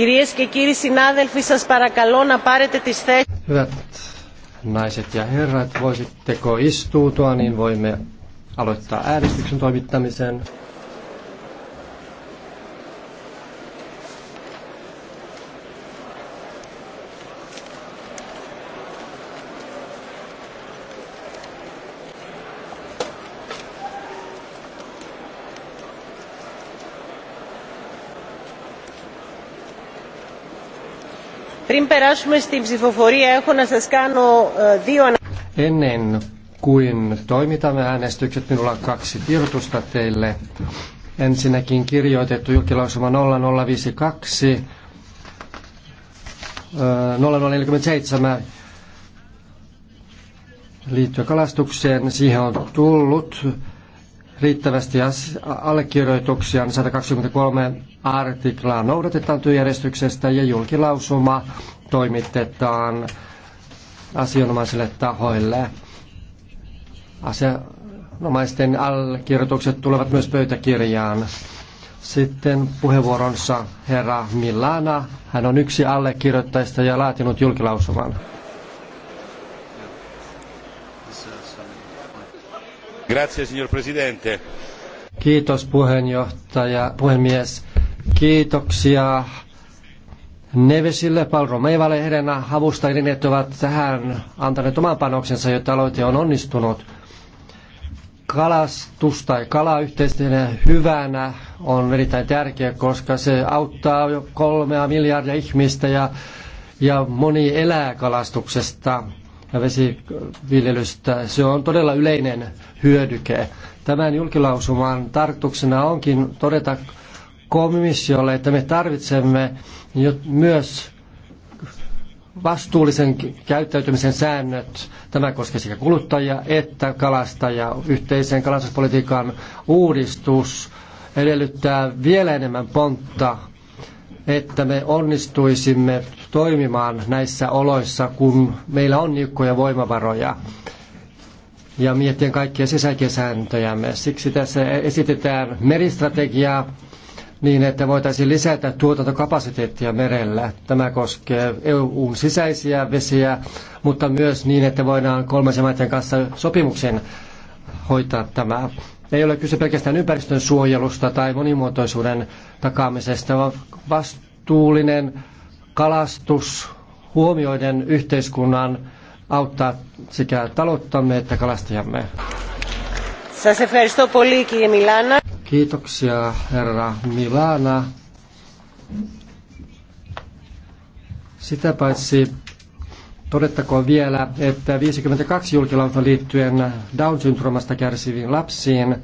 Κυρίες και κύριοι συνάδελφοι, σας παρακαλώ να πάρετε τις θέσεις. Hyvät naiset ja herrat, voisitteko istuutua, niin voimme aloittaa äänestyksen toimittamisen. Πριν περάσουμε στην ψηφοφορία, έχω να σας κάνω δύο Ennen kuin toimitamme äänestykset, minulla on kaksi tiedotusta teille. Ensinnäkin kirjoitettu julkilausuma 0052 0047 liittyen kalastukseen. Siihen on tullut riittävästi allekirjoituksia, niin 123 artiklaa noudatetaan työjärjestyksestä ja julkilausuma toimitetaan asianomaisille tahoille. Asianomaisten allekirjoitukset tulevat myös pöytäkirjaan. Sitten puheenvuoronsa herra Milana. Hän on yksi allekirjoittajista ja laatinut julkilausuman signor presidente. Kiitos puheenjohtaja, puhemies. Kiitoksia Nevesille, Palro Meivalle, heidän avustajille, että ovat tähän antaneet oman panoksensa, jotta aloite on onnistunut. Kalastus tai kalayhteistyönä hyvänä on erittäin tärkeä, koska se auttaa jo kolmea miljardia ihmistä ja, ja moni elää kalastuksesta vesiviljelystä. Se on todella yleinen hyödyke. Tämän julkilausuman tarkoituksena onkin todeta komissiolle, että me tarvitsemme myös vastuullisen käyttäytymisen säännöt. Tämä koskee sekä kuluttajia että kalastajia. Yhteisen kalastuspolitiikan uudistus edellyttää vielä enemmän pontta että me onnistuisimme toimimaan näissä oloissa, kun meillä on niukkoja voimavaroja ja miettien kaikkia sisäisiä sääntöjämme. Siksi tässä esitetään meristrategiaa niin, että voitaisiin lisätä tuotantokapasiteettia merellä. Tämä koskee EUn sisäisiä vesiä, mutta myös niin, että voidaan kolmasen maiden kanssa sopimuksen hoitaa tämä. Ei ole kyse pelkästään ympäristön suojelusta tai monimuotoisuuden takaamisesta, vaan vastuullinen kalastus huomioiden yhteiskunnan auttaa sekä talouttamme että kalastajamme. Kiitoksia herra Milana. Sitä paitsi Todettakoon vielä, että 52 julkilauta liittyen Down-syndromasta kärsiviin lapsiin